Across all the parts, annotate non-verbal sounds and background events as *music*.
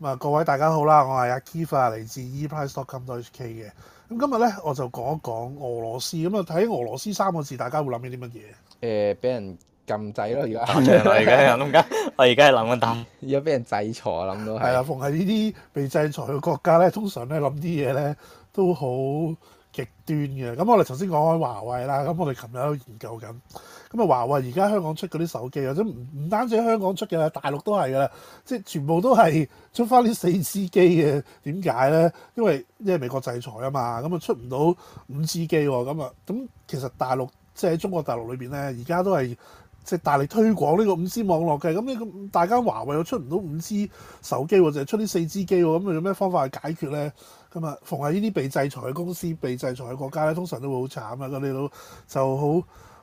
啊，各位大家好啦，我係阿 Kifa 嚟自 E Plus Stock Exchange K 嘅。咁今日咧，我就講一講俄羅斯。咁啊，睇俄羅斯三個字，大家會諗起啲乜嘢？誒、呃，俾人禁制咯，而家，我而家諗緊，我而家係諗緊打，而家俾人制裁，諗到係。係啊，逢係呢啲被制裁嘅國家咧，通常咧諗啲嘢咧都好。極端嘅咁，我哋頭先講開華為啦，咁我哋琴日都研究緊，咁啊華為而家香港出嗰啲手機，即係唔唔單止香港出嘅啦，大陸都係噶啦，即係全部都係出翻啲四 G 機嘅，點解咧？因為因為美國制裁啊嘛，咁啊出唔到五 G 機喎，咁啊咁其實大陸即係喺中國大陸裏邊咧，而家都係。即係大力推廣呢個五 G 網絡嘅，咁你咁大家華為又出唔到五 G 手機喎，就係出啲四 G 機喎，咁有咩方法去解決咧？咁啊，逢係呢啲被制裁嘅公司、被制裁嘅國家咧，通常都會好慘啊！咁你老，就好。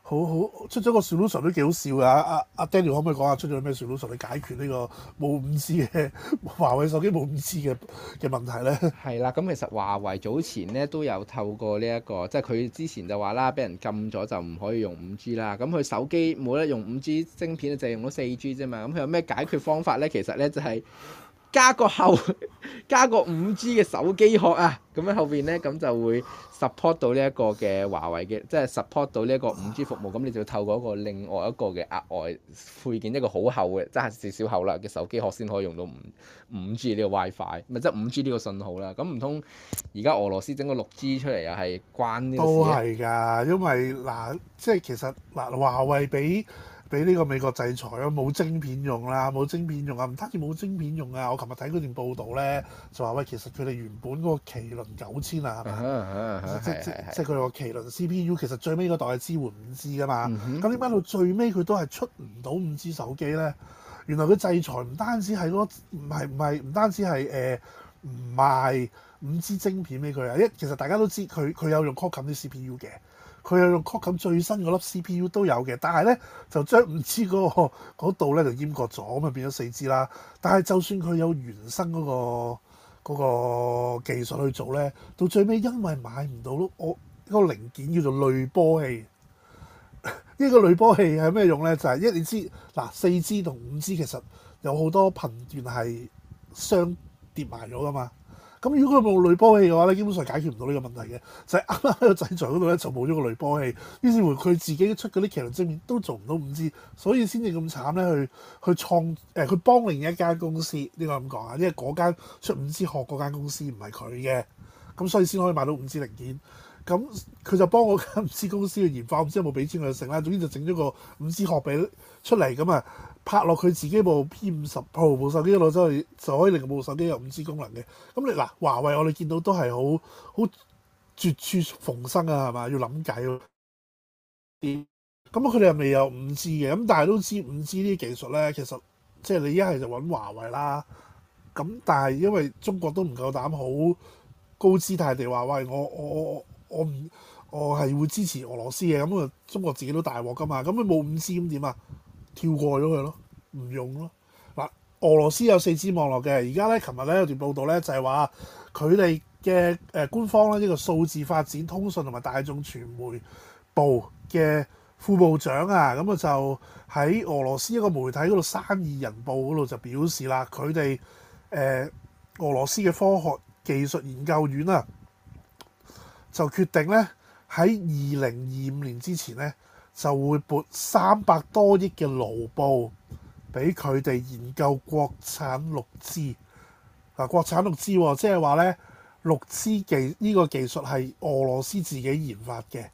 好好出咗個 solution 都幾好笑㗎！阿、啊、阿、啊、Daniel 可唔可以講下出咗咩 solution 去解決呢個冇五 G 嘅華為手機冇五 G 嘅嘅問題咧？係啦，咁其實華為早前咧都有透過呢、這、一個，即係佢之前就話啦，俾人禁咗就唔可以用五 G 啦。咁佢手機冇得用五 G 晶片，就用咗四 G 啫嘛。咁佢有咩解決方法咧？其實咧就係、是。加個後，加個五 G 嘅手機殼啊！咁喺後邊呢，咁就會 support 到呢一個嘅華為嘅，即係 support 到呢一個五 G 服務。咁你就要透過一個另外一個嘅額外配件，一個好厚嘅，即係至少厚啦嘅手機殼先可以用到五五 G 呢個 WiFi，咪即係五 G 呢個信號啦。咁唔通而家俄羅斯整個六 G 出嚟又係關呢個事？都係㗎，因為嗱，即係其實嗱，華為比。俾呢個美國制裁啊，冇晶片用啦，冇晶片用啊，唔單止冇晶片用啊，我琴日睇嗰段報道咧，就話喂，其實佢哋原本嗰個麒麟九千啊，係咪啊？即即即佢個麒麟 CPU 其實最尾嗰代係支援五 G 㗎嘛，咁點解到最尾佢都係出唔到五 G 手機咧？原來佢制裁唔單止係嗰、嗰個，唔係唔係唔單止係唔、呃、賣。五 G 晶片俾佢啊！一其實大家都知佢佢有用 Core 冚、um、啲 CPU 嘅，佢有用 Core 冚、um、最新嗰粒 CPU 都有嘅，但係咧就將五 G 嗰度咧就閹割咗，咁就變咗四 G 啦。但係就算佢有原生嗰、嗰個嗰個技術去做咧，到最尾因為買唔到咯，我嗰、嗰個零件叫做濾波器。呢 *laughs* 個濾波器係咩用咧？就係、是、一你知嗱，四 G 同五 G 其實有好多頻段係相疊埋咗㗎嘛。咁如果佢冇濾波器嘅話咧，基本上解決唔到呢個問題嘅，就係啱啱喺個製造嗰度咧就冇咗個濾波器，於是乎佢自己出嗰啲麒麟芯片都做唔到 5G，所以先至咁慘咧，去去創誒、呃、去幫另一間公司，呢個咁講啊，因為嗰間出 5G 殼嗰間公司唔係佢嘅，咁所以先可以買到 5G 零件，咁佢就幫嗰間 5G 公司去研發，唔知有冇俾錢佢食啦，總之就整咗個 5G 殼俾出嚟咁啊。拍落佢自己部 P 五十 Pro 部手機攞出嚟，就可以令部手機有五 G 功能嘅。咁你嗱，華為我哋見到都係好好絕處逢生啊，係嘛？要諗計啲。咁佢哋又未有五 G 嘅。咁但係都知五 G 呢啲技術咧，其實即係你一係就揾華為啦。咁但係因為中國都唔夠膽好高姿態地話喂，我我我我唔我係會支持俄羅斯嘅。咁啊，中國自己都大鑊㗎嘛。咁佢冇五 G 咁點啊？跳過咗佢咯，唔用咯。嗱，俄羅斯有四 G 網絡嘅，而家咧，琴日咧有條報道咧，就係話佢哋嘅誒官方咧，呢個數字發展通訊同埋大眾傳媒部嘅副部長啊，咁啊就喺俄羅斯一個媒體嗰度《生意人報》嗰度就表示啦，佢哋誒俄羅斯嘅科學技術研究院啊，就決定咧喺二零二五年之前咧。就會撥三百多億嘅盧布俾佢哋研究國產 6G 啊！國產 6G 即係話呢 6G 技呢個技術係俄羅斯自己研發嘅。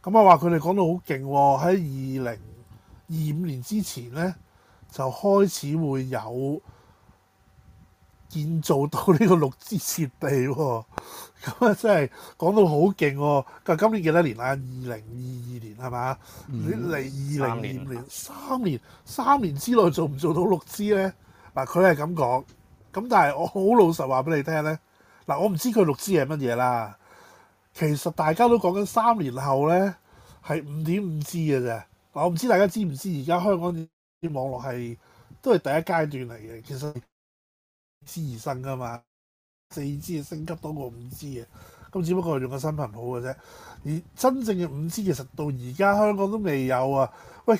咁啊話佢哋講到好勁喎，喺二零二五年之前呢，就開始會有建造到呢個 6G 設備喎、哦。咁、 *laughs* 哦、啊，真係講到好勁喎！咁今、嗯、年幾多年啦？二零二二年係嘛？你二零二二年三年三年，三年之內做唔做到六 G 呢？嗱、啊，佢係咁講。咁但係我好老實話俾你聽呢。嗱、啊，我唔知佢六 G 係乜嘢啦。其實大家都講緊三年後呢係五點五 G 嘅啫。嗱、啊，我唔知大家知唔知而家香港啲網絡係都係第一階段嚟嘅。其實知而生㗎嘛。4G 升級多過 5G 嘅，咁只不過用個新頻譜嘅啫。而真正嘅 5G 其實到而家香港都未有啊。喂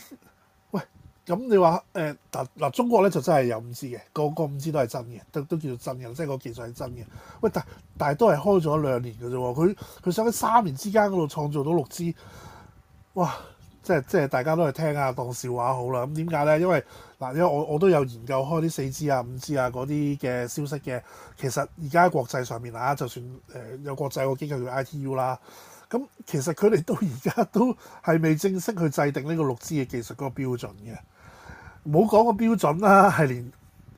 喂，咁你話誒嗱嗱中國咧就真係有 5G 嘅，個個 5G 都係真嘅，都都叫做真嘅，即係個技術係真嘅。喂，但但係都係開咗兩年嘅啫喎，佢佢想喺三年之間嗰度創造到 6G，哇！即係即係大家都係聽下當笑話好啦。咁點解咧？因為嗱，因為我我都有研究開啲四 G 啊、五 G 啊嗰啲嘅消息嘅。其實而家國際上面啊，就算誒有國際個機構叫 ITU 啦，咁其實佢哋到而家都係未正式去制定呢個六 G 嘅技術嗰個標準嘅。冇講個標準啦，係連。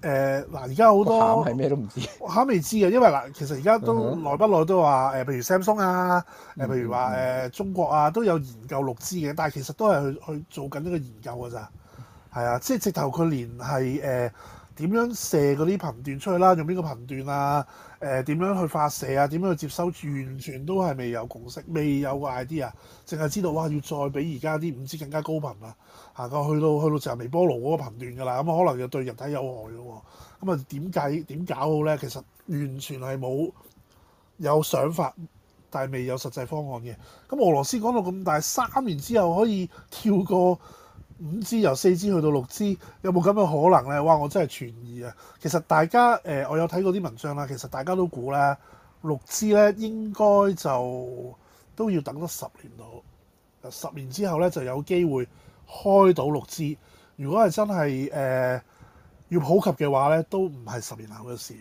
誒嗱，而家好多，咩都唔知，我還未知嘅，因為嗱，其實而家都耐，mm hmm。不耐都話，誒、呃，譬如 Samsung 啊，誒、呃，譬如話誒、呃、中國啊，都有研究六 G 嘅，但係其實都係去去做緊呢個研究㗎咋，係啊，即係直頭佢連係誒。呃點樣射嗰啲頻段出去啦？用邊個頻段啊？誒、呃、點樣去發射啊？點樣去接收？完全都係未有共識，未有個 idea，淨係知道哇！要再比而家啲五 G 更加高頻啊！行過去到去到成微波爐嗰個頻段㗎啦。咁可能又對人體有害嘅喎。咁、嗯、啊，點解點搞好呢？其實完全係冇有，有想法，但係未有實際方案嘅。咁、嗯、俄羅斯講到咁大，三年之後可以跳過。五支由四支去到六支，有冇咁嘅可能呢？哇！我真係存疑啊。其實大家誒、呃，我有睇過啲文章啦。其實大家都估咧，六支呢應該就都要等得十年到。十年之後呢，就有機會開到六支。如果係真係誒、呃、要普及嘅話呢，都唔係十年後嘅事。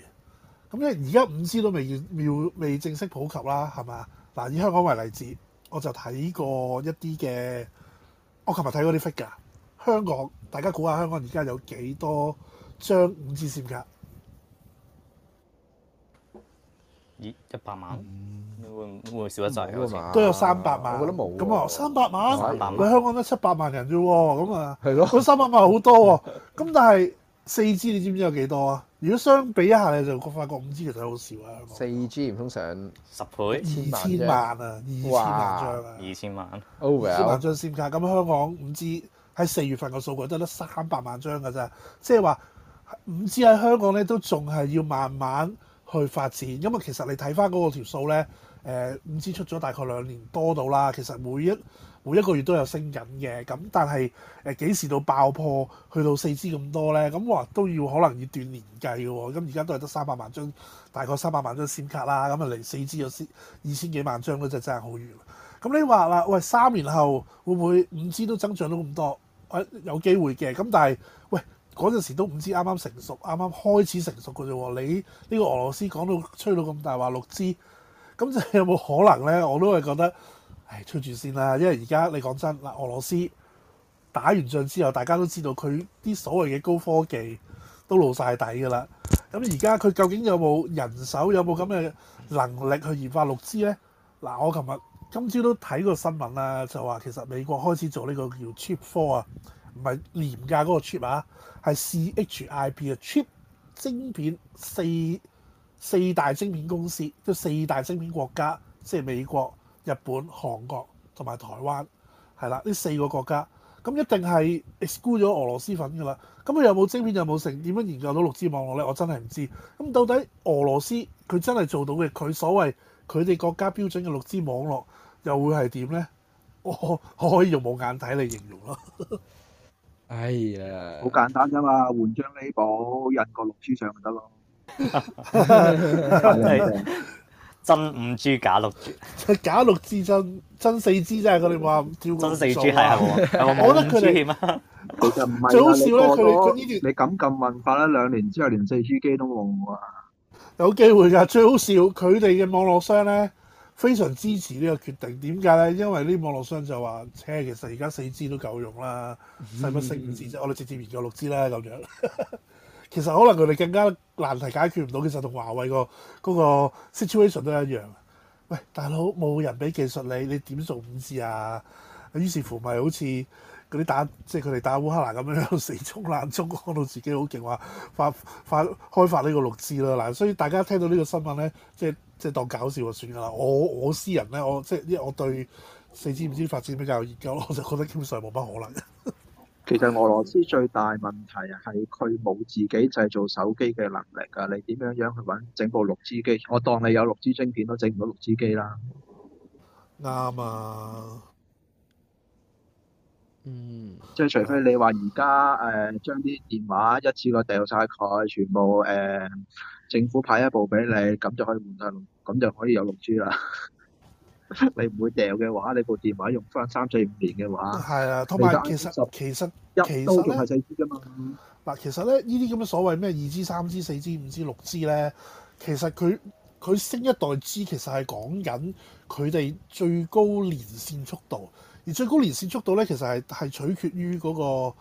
咁因為而家五支都未要未正式普及啦，係嘛？嗱，以香港為例子，我就睇過一啲嘅我琴日睇過啲 figure 香港，大家估下香港而家有幾多張五 G 線卡？咦，一百萬？會會少一隻？都有三百萬，我覺得冇。咁啊，三百萬，佢香港得七百萬人啫喎，咁啊，係咯，嗰三百萬好多喎。咁但係四 G 你知唔知有幾多啊？如果相比一下，你就發覺五 G 其實好少啊。四 G 唔通上十倍，二千萬啊，二千萬張啊，二千萬。二千萬張線卡咁，香港五 G。喺四月份個數據得得三百萬張㗎咋，即係話五支喺香港咧，都仲係要慢慢去發展，因、嗯、為其實你睇翻嗰個條數咧，誒、呃、五支出咗大概兩年多到啦，其實每一每一個月都有升緊嘅，咁、嗯、但係誒幾時到爆破去到四支咁多咧？咁、嗯、話都要可能要斷年計嘅喎、哦，咁而家都係得三百萬張，大概三百萬張先卡啦，咁啊離四支有先二千幾萬張，嗰隻真係好遠。咁、嗯、你話啦，喂，三年後會唔會五支都增長到咁多？哎、有機會嘅，咁但係，喂，嗰陣時都唔知啱啱成熟，啱啱開始成熟嘅啫喎。你呢個俄羅斯講到吹到咁大話 6G，咁就有冇可能呢？我都係覺得，唉，吹住先啦。因為而家你講真嗱，俄羅斯打完仗之後，大家都知道佢啲所謂嘅高科技都露晒底㗎啦。咁而家佢究竟有冇人手，有冇咁嘅能力去研發 6G 呢？嗱，我琴日，今朝都睇過新聞啦，就話其實美國開始做呢個叫 chip four 啊，唔係廉價嗰個 chip 啊，係 C H I P 啊，chip 晶片四四大晶片公司，即四大晶片國家，即係美國、日本、韓國同埋台灣，係啦，呢四個國家，咁一定係 exclude 咗俄羅斯粉㗎啦。咁佢有冇晶片，有冇成，點樣研究到六 G 網絡呢？我真係唔知。咁到底俄羅斯佢真係做到嘅佢所謂？佢哋國家標準嘅六 G 網絡又會係點咧？我、哦、可以用冇眼睇嚟形容咯。 *laughs* 哎呀，好簡單啫嘛，換張 A4 紙印個六 G 上咪得咯。真五 G 假六 G，假六 G 真真四 G 啫。佢哋話叫真四 G 係係。我覺得佢哋其實唔係最好笑咧，佢呢段你敢咁問法啦，兩年之後連四 G 機都冇啊！有機會㗎，最好笑佢哋嘅網絡商呢，非常支持呢個決定。點解呢？因為啲網絡商就話，車，其實而家四 G 都夠用啦，使乜升五 G 啫？我哋直接連咗六 G 啦，咁樣。 *laughs* 其實可能佢哋更加難題解決唔到，其實同華為個嗰個 situation 都一樣。喂，大佬，冇人俾技術你，你點做五 G 啊？於是乎咪好似～嗰打即係佢哋打烏克蘭咁樣樣死衝爛衝，講到自己好勁話發發開發呢個六 G 啦嗱，所以大家聽到呢個新聞咧，即係即係當搞笑就算噶啦。我我私人咧，我即係因為我對四 G 五 G 發展比較有研究，我就覺得基本上冇乜可能。 *laughs* 其實俄羅斯最大問題係佢冇自己製造手機嘅能力啊！你點樣樣去揾整部六 G 機？我當你有六 G 晶片都整唔到六 G 機啦。啱啊！嗯，即係除非你話而家誒，將、呃、啲電話一次過掉晒佢，全部誒、呃、政府派一部俾你，咁就可以換得，咁就可以有六 G 啦。 *laughs* 你唔會掉嘅話，你部電話用翻三四五年嘅話，係啦、啊。同埋其實，其實，其實用四 G 㗎嘛。嗱，其實咧，呢啲咁嘅所謂咩二 G、三 G、四 G、五 G、六 G 咧，其實佢佢升一代 G，其實係講緊佢哋最高連線速度。而最高連線速度咧，其實係係取決於嗰個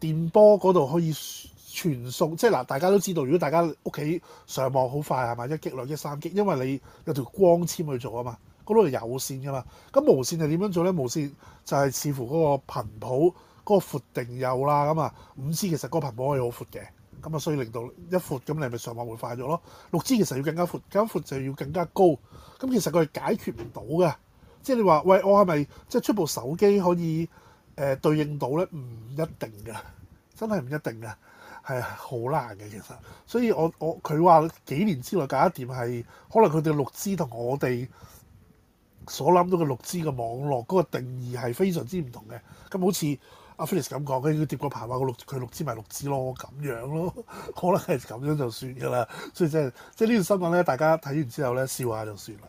電波嗰度可以傳送。即係嗱，大家都知道，如果大家屋企上網好快係咪一吉兩吉三吉？G, G, G，因為你有條光纖去做啊嘛，嗰度係有線㗎嘛。咁無線係點樣做咧？無線就係視乎嗰個頻譜嗰、嗰個闊定有啦。咁啊，五 G 其實嗰個頻譜可以好闊嘅，咁啊所以令到一闊咁你咪上網會快咗咯？六 G 其實要更加闊，更加闊就要更加高。咁其實佢係解決唔到㗎。即係你話喂，我係咪即係出部手機可以誒、呃、對應到咧？唔一定嘅，真係唔一定嘅，係好難嘅其實。所以我我佢話幾年之內搞得掂係，可能佢哋六 G 同我哋所諗到嘅六 G 嘅網絡嗰、那個定義係非常之唔同嘅。咁好似阿 Felix 咁講，佢跌過牌話個六佢六 G 咪六 G 咯咁樣咯，可能係咁樣就算㗎啦。所以、就是、即係即係呢段新聞咧，大家睇完之後咧笑下就算啦。